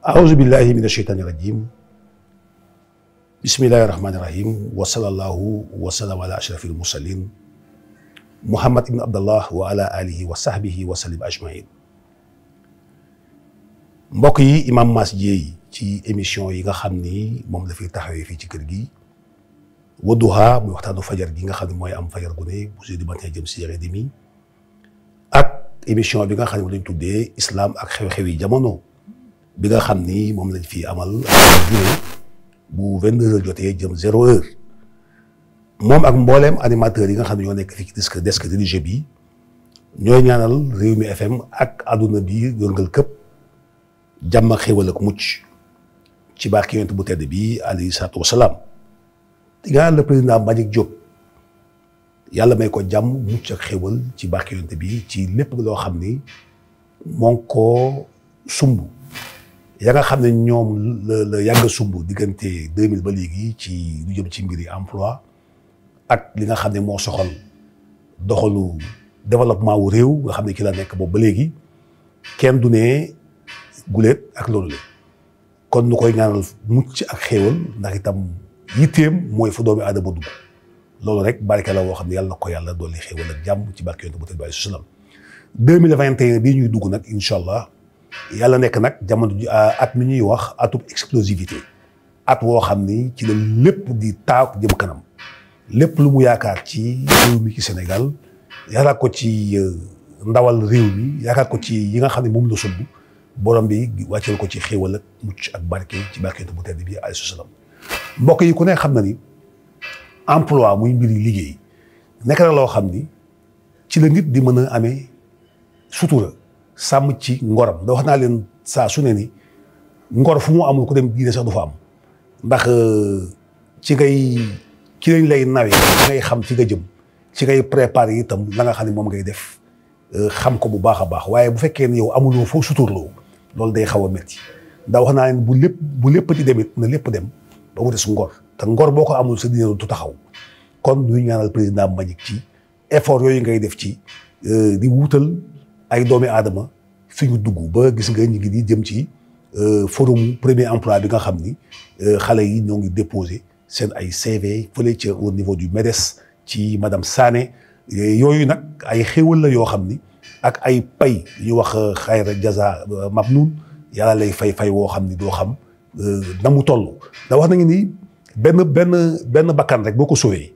aouzu billahi min asheytaani rajim bismillahi rahmaani rahim wa sallallahu wa sallam ala ashrafil mursalin muhammad ibn abdallah wa ala alihi wa sahbihi wa sallim ajmain mbokk yi imam Mass Dieye ci émission yi nga xam ni moom la fiy taxawee fii ci kër gi Wadduha muy waxtaanu fajar gi nga xam ne mooy am fajar gu ne bu jeudi matin jëm si ak émission bi nga xam ne dañ tuddee islam ak xew-xew yi jamono bi nga xam ni moom lañ fi amal durée bu vingt deux heures jotee jëm zéro heure moom ak mbooleem animateurs yi nga xam ne ñoo nekk fii ci des desk dirigé bi ñooy ñaanal Rewmi FM ak àdduna bi yëngal këpp jàmm ak xéwal ak mucc ci barke yonent bu tedd bi alayhi salaatu wasalaam di ñaanal le président Mbagnick Diop yàlla may ko jàmm mucc ak xéwal ci barke yonent bi ci lépp loo xam ni moo ngi koo sumb ya nga xam ne ñoom la la yàgg a sumb diggante 2000 ba léegi ci lu jëm ci mbiri emploi ak li nga xam ne moo soxal doxalu développement wu réew nga xam ne ci la nekk boobu ba léegi kenn du ne guléet ak loolu la kon nu koy ñaanal mucc ak xéewal ndax itam yitteem mooy fu doomi aadama dugg loolu rek barke la xam ne yàlla na ko yàlla dolli xéewal ak jàmm ci barke yonent bu tedd bi sallam 2021 bii ñuy dugg nag incha allah yàlla nekk nag jamono euh, at mi ñuy wax atub explosivité at woo xam ni ci la lépp di taak jëm kanam lépp lu mu yaakaar ci réew mi ci Sénégal yaakaar ko ci euh, ndawal réew mi yaakaar ko ci yi nga xam ne moom la sumb borom bi wàcceel ko ci xéewal ak mucc ak barke ci barkeetu bu tedd bi alayhi salaam mbokk yi ku ne xam na ni emploi muy mbiri liggéey nekk na loo xam ni ci la nit di mën a amee sutura sàmm ci ngoram da wax naa leen saa su ne ni ngor fu mu amul ku dem diine sax du fa am ndax euh, ci ngay ci lañ lay nawee ci ngay xam ci nga jëm ci ngay préparé itam la nga xam ne moom ngay def euh, xam ko bu baax a baax waaye bu fekkee ne yow amuloo foo suturloo loolu day xaw a métti ndax wax naa leen bu lépp bu lépp di demit na lépp dem ba mu des ngor te ngor boo ko amul sa diine du taxaw kon ñuy ñaanal président Mbagnick ci effort yooyu ngay def ci euh, di wuutal ay doomi aadama fi ñu dugg ba gis nga ñu ngi di jëm ci euh, forum premier emploi bi nga xam ni euh, xale yi ñoo ngi déposé seen ay CV fële ca au niveau du MEDES ci madame Sané yooyu nag ay xéwal la yoo xam ni ak ay pay ñu wax xayra euh, jaza mabnun yàlla lay fay-fay woo xam ni doo xam na mu toll da wax nañu ni benn benn benn bakkan rek boo ko sauvé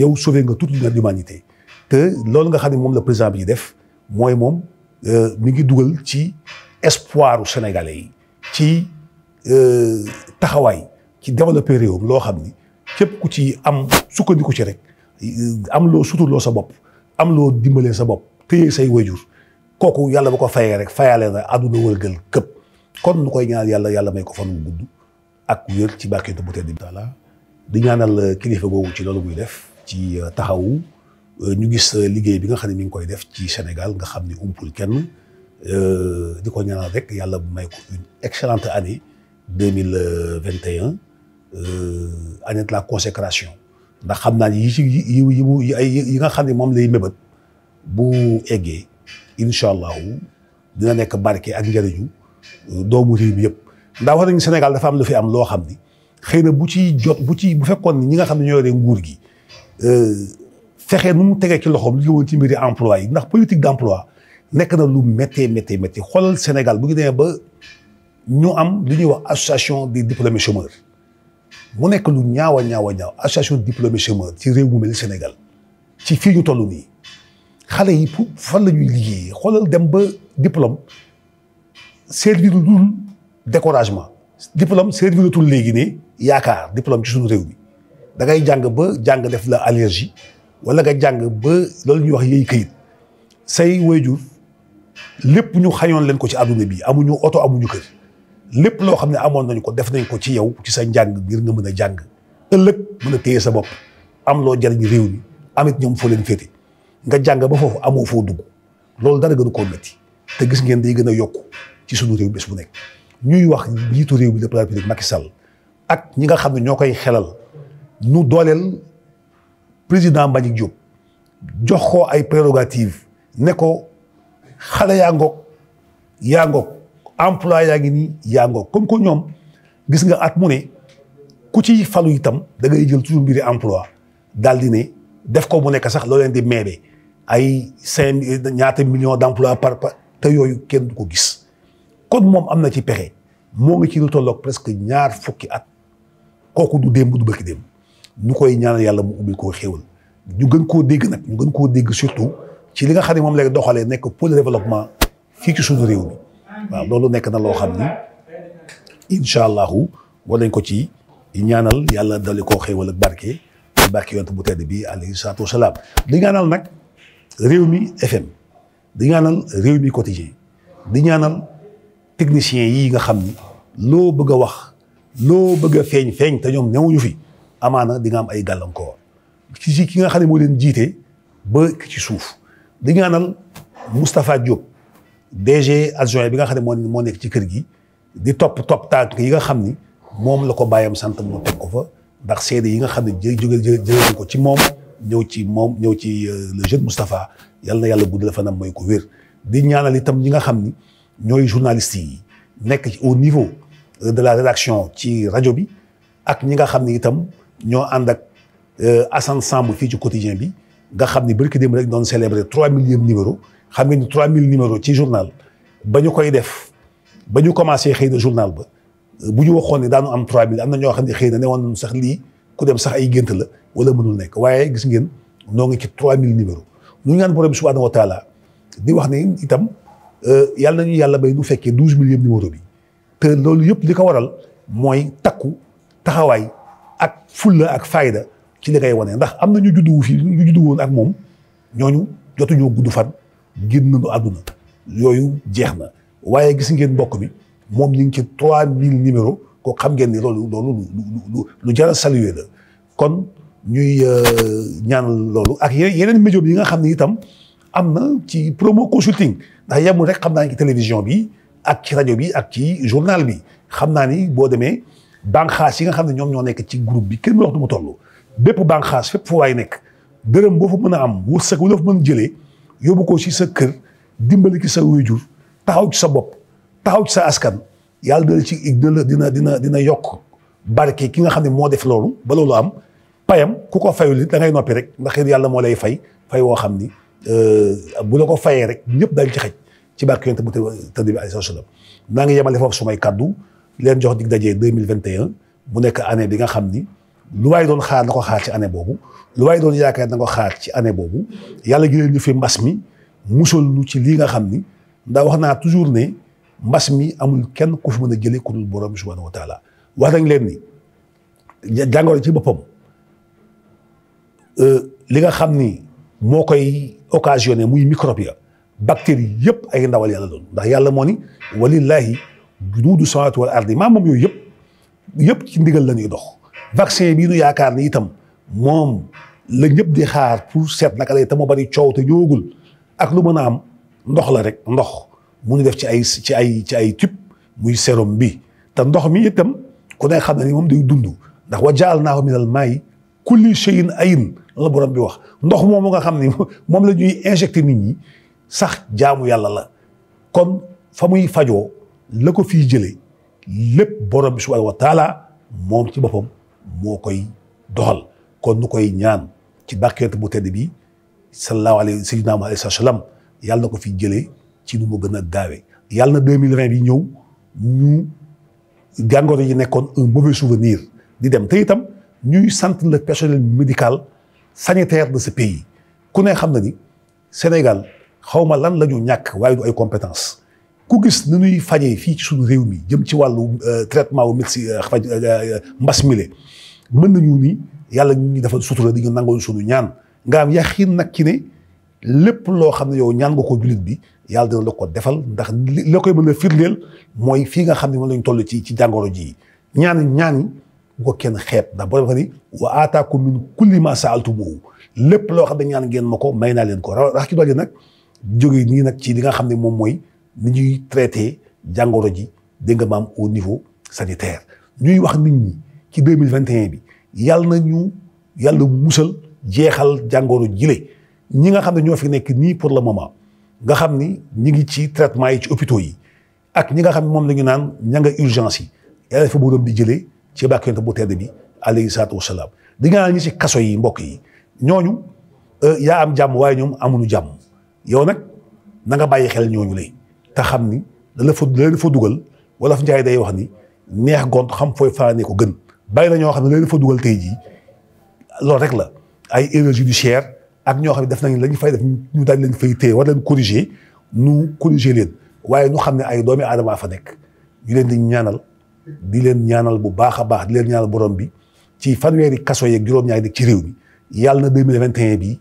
yow sauvé nga toute l'humanité te loolu nga xam ne moom la président bi def mooy moom mi ngi dugal ci espoiru sénégalais yi ci euh, taxawaay ci développer réew loo xam ni képp ku ci am sukkandiku ci rek euh, am loo suturloo sa bopp am loo dimbalee sa bopp téye say wajur kooku yàlla boo ko fayee rek fayalee na àdduna wërgël këpp kon nu koy ñaanal yàlla yàlla may ko fan wu gudd ak wér ci barke bu tedd bi. di ñaanal kilifa googu ci loolu muy def ci euh, taxawu. Euh, ñu gis euh, liggéey bi nga xam ne mi ngi koy def ci Sénégal nga xam ne umpul kenn euh, di ko ñaanal rek yàlla bu may ko une excellente année deux mille vingt et un la consécration ndax xam naa ni yi ci mu yi ay yi nga xam ne moom lay mébét bu eggee incha allahu dina nekk barke ak njëriñu doomu réew mi yëpp. ndax wax nañu Sénégal dafa am lu fi am loo xam ni xëy na bu ci jot bu ci bu fekkoon ni ñi nga xam ne ñoo yore nguur gi. fexee nu mu tegee ci loxoom lu woon ci mbiri emploi yi ndax politique d'emploi nekk na lu méttee méttee méttee xoolal Sénégal bu ñu dee ba ñu am lu ñuy wax association des diplômés chômeurs mu nekk lu ñaawa ñaawa ñaaw association des diplômés chômeurs ci réew mu mel Sénégal ci fii ñu toll nii xale yi pour fan la ñuy liggéeyee xoolal dem ba diplôme servir lul découragement diplôme serviratul léegi ne yaakaar diplôme ci suñu réew mi da ngay jàng ba jàng def la allergie wala nga jàng ba loolu ñuy wax yëy këyit say wayjur lépp ñu xañoon leen ko ci àdduna bi amuñu oto amuñu kër lépp loo xam ne amoon nañ ko def nañ ko ci yow ci sa njàng ngir nga mën a jàng ëllëg mën a téye sa bopp am loo jariñ réew mi amit ñoom foo leen féete nga jàng ba foofu amoo foo dugg loolu dara gënu koo metti te gis ngeen day gën a yokku ci sunu réew bés bu nekk ñuy wax njiitu réew bi le président Macky Sall ak ñi nga xam ne ñoo koy xelal président Mbagnick Diop jox ko ay prérogative ne ko xale yaa ngoog yaa ngoog emploi yaa ngi nii yaa ngoog comme que ñoom gis nga at mu ku ci falu itam da ngay jël toujours mbiri emploi daal di ne def ko mu nekk sax loo leen di meebe ay cinq ñaata millions d'emplois par par te yooyu kenn du ko gis kon moom am na ci pexe moo ngi ci lu tolloog presque ñaar fukki at kooku du démb du bëkki démb ñu koy ñaanal yàlla mu ubbi koo xéwal ñu gën koo dégg nag ñu gën koo dégg surtout ci li nga xam ne moom lay doxalee nekk pôle développement fii ci suñu réew mi waaw loolu nekk na loo xam ni incha allahu war nañ ko ci ñaanal yàlla dali koo xéwal ak barke barke yonent bu tedd bi alayhi salaatu wasalaam di ñaanal nag réew mi FM di ñaanal réew mi quotidien di ñaanal techniciens yi nga xam ni loo bëgg a wax loo bëgg a feeñ feeñ te ñoom newuñu fi amaana di nga am ay gàllankoor ci ki nga xam ne moo leen jiite ba ci suuf di ñaanal Moustapha Diop DG adjoint bi nga xam ne moo moo nekk ci kër gi di topp topp tànk yi nga xam ni moom la ko bàyyam sant mu ko fa ndax seede yi nga xam ne jë jóge jëlee ko ci moom ñëw ci moom ñëw ci euh, le jeune Moustapha yal na yàlla guddal fanam mooy ko wér di ñaanal itam ñi nga xam ni ñooy journalistes yi nekk ci au niveau euh, de la rédaction ci rajo bi ak ñi nga xam ni itam ñoo ànd ak euh, Assane Samb fii ci quotidien bi nga xam ni barki dem rek doon célébrer trois millième numéro xam ngeen ni trois mille ci journal ba ñu koy def ba ñu commencé xëy na journal ba euh, bu ñu waxoon ne daanu am trois mille am na ñoo xam ne xëy na ne woon nañu sax lii ku dem sax ay gént la wala mënul nekk waaye gis ngeen noo ngi ci trois mille numéro ñu ñaan borom bi subhanahu wa taala di wax ne itam euh, yàlla nañu yàlla bay nu fekkee douze millième numéro bi te loolu yëpp li ko waral mooy takku taxawaay ak fulla ak fayda ci li ngay wane ndax am na ñu juddu fi ñu juddu woon ak moom ñooñu jotuñoo gudd fan génn nañu àdduna yooyu jeex na waaye gis ngeen mbokk bi moom ñu ngi ci 3000 numéro ko xam ngeen ni loolu loolu lu lu jar a kon ñuy euh, ñaan loolu ak yeneen médium yi nga xam ne itam am na ci promo consulting ndax yemul rek xam naa ci télévision bi ak ci rajo bi ak ci journal bi xam naa ni boo demee. bànqaas yi nga xam ne ñoom ñoo nekk ci group bi kenn mu wax du mu toll bépp bànqaas fépp fu waay nekk dërëm boo fa mën a am wërsëg wala fa mën jëlee yóbbu ko si sa kër dimbali ci sa wéjur taxaw ci sa bopp taxaw ci sa askan yàlla dina ci dina dina dina yokk barke ki nga xam ne moo def loolu ba loolu am payam ku ko fayul it da ngay noppi rek ndax yàlla moo lay fay fay woo xam ni euh, bu la ko fayee rek ñëpp daal ci xaj ci barke yonent bu tëdd bi alayhi salaam naa ngi yemale foofu sumay kaddu leen jox dig daje deux mille vingt et un mu nekk année bi nga xam ni lu waay doon xaar na ko xaar ci année boobu lu waay doon yaakaar na ko xaar ci année boobu yàlla jëlee ñu fi mbas mi musal ñu ci lii nga xam ni ndax wax naa toujours ne mbas mi amul kenn ku fi mën a jëlee ku dul borom subhanahu wa taala wax nañ leen ni jàngoro ci boppam euh, li nga xam ni moo koy occasionné muy microbe ya bactéries yëpp ay ndawal yàlla doon ndax yàlla moo ni walillahi duudu samawaat wal ardi maam moom yooyu yëpp yëpp ci ndigal la ñuy dox vaccin bii nu yaakaar ni itam moom la ñëpp di xaar pour seet naka lay tamoo bari coow te ñoogul ak lu mën a am ndox la rek ndox mu ñu def ci ay ci ay ci ay tube muy sérum bi te ndox mi itam ku ne xam na ni moom day dund ndax wa naa minal maa'i kulli shay'in ayyin la borom bi wax ndox moom nga xam ni moom la ñuy injecté nit ñi sax jaamu yàlla la kon fa muy fajo la ko fii jëlee lépp borom bi subhaanahu wa taala moom ci boppam moo koy doxal kon nu koy ñaan ci barkeet bu tedd bi sallallahu alayhi sayyidina Muhammad alayhi salaam yàlla na ko fi jëlee ci nu mu gën a gaawee yàlla na deux mille vingt bi ñëw ñu jàngoro yi nekkoon un mauvais souvenir di dem te itam ñuy sant le personnel médical sanitaire de ce pays ku ne xam na ni Sénégal xaw ma lan la ñu ñàkk waaye du ay compétence ku gis nu ñuy fajee fii ci suñu réew mi jëm ci wàllu euh, traitement wu médecine euh, faj euh, mbas mile mën nañu ni yàlla ñu ngi dafa sutura di ñu nangoon sunu ñaan nga am yaxiin nag ci ne lépp loo xam ne yow ñaan nga ko jullit bi yàlla dina la ko defal ndax li koy mën a firndeel mooy fii nga xam ne moom lañ toll ci ci jàngoro ji ñaan ñaan bu kenn xeet ndax boo defee ni wa aataakum min kulli ma saaltumuhu lépp loo xam ne ñaan ngeen ma ko may naa leen ko rax ki doole nag jóge nii nag ci li nga xam ne moom mooy ni ñuy traité jàngoro ji dégg nga maam au niveau sanitaire ñuy wax nit ñi ci deux mille vingt et un bi yàlla na ñu yàlla musal jeexal jàngoro jile ñi nga xam ne ñoo fi nekk nii pour le moment nga xam ni ñi ngi ci traitement yi ci hôpitaux yi ak ñi nga xam ne moom la ñu naan ña nga urgence yi yàlla mu doon di jëlee ci bàkk yonent bu tedd bi alayhi salaatu di nga naan ñi ci kaso yi mbokk yi ñooñu euh, yaa am jàmm waaye ñoom amuñu jàmm yow nag na nga bàyyi xel ñooñu lay te xam ni la fa la fa dugal wala fa njaay day wax ni neex gont xam fooy fanaanee ko gën bàyyi na ñoo xam ne la fa dugal jii loolu rek la ay erreurs judiciaires ak ñoo xam ne def nañ la ñu fay def ñu daañ lañ fay téye war leen corriger nu corriger leen waaye ñu xam ne ay doomi aadama fa nekk ñu leen di ñaanal di leen ñaanal bu baax a baax di leen ñaanal borom bi ci fanweeri kaso yeeg juróom-ñaari nekk ci réew mi yàlla na 2021 bii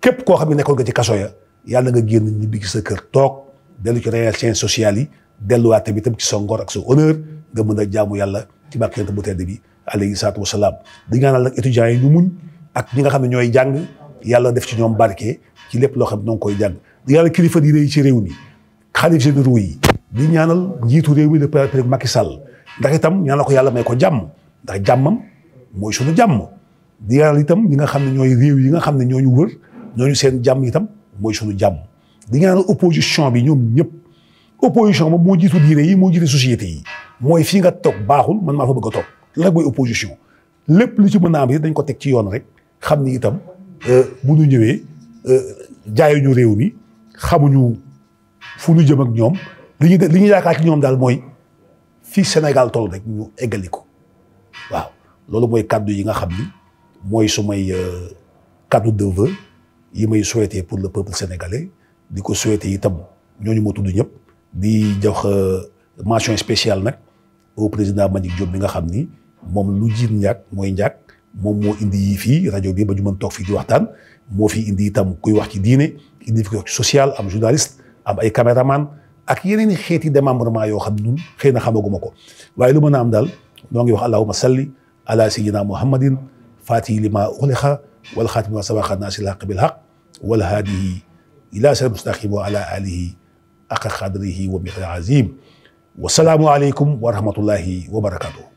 képp koo xam ne nekkoon nga ci kaso ya yàlla nga génn ñibbi ci sa kër toog dellu ci relations sociales yi delluwaat tamit tam ci songoor ak sa honneur nga mën a jaamu yàlla ci barkante bu tedd bi alayhi salaatu wa salaam di ñaanal nag étudiants yi ñu muñ ak ñi nga xam ne ñooy jàng yàlla def ci ñoom barke ci lépp loo xam ne ñoo koy jàng di ñaanal kilifa diine yi ci réew mi xalif généraux yi di ñaanal njiitu réew mi le président Macky Sall ndax itam ñaanal ko yàlla may ko jàmm ndax jàmmam mooy suñu jàmm di itam ñi nga xam ne ñooy réew yi nga xam ne ñoo ñooñu seen jàmm itam mooy suñu jàmm. di nga naan opposition bi ñoom ñëpp opposition moom moo jiitu diine yi moo jiitu société yi mooy fii nga toog baaxul man maa fa bëgg toog lan mooy lépp lu ci mën a dañ ko teg ci yoon rek xam ni itam euh, bu ñu ñëwee euh, jaayuñu réew mi xamuñu fu ñu jëm ak ñoom li ñu li ñu yaakaar ci ñoom daal mooy fii Sénégal toll rek ñu eggali ko waaw loolu mooy kàddu yi nga xam ni mooy sumay euh, kàddu de vœu yi may souhaité pour le peuple sénégalais di ko souhaité itam ñooñu moo tudd ñëpp di jox euh, mention spéciale nag au président Mbagnick Diop bi nga xam ni moom lu jiit njaag mooy njaag moom moo indi yii fii rajo bi ba ñu mën toog fii di waxtaan moo fi indi itam kuy wax ci diine indi fi wax ci social am journaliste am ay caméraman ak yeneen i xeeti démembrement yoo xam nun xëy na xamaguma ko waaye lu mën a am daal noo ngi wax allahuma salli ala sayyidina muhammadin faatihi lima uxliqa wal xaatimi ma sabaqa naasi bi bil xaq wal haadihi ilaa siraatil mustaqiim wa alaa aalihi haqqa qadrihi wa miqdaarihi al-aziim wa salaamu aleykum wa rahmatullahi wa barakaatuh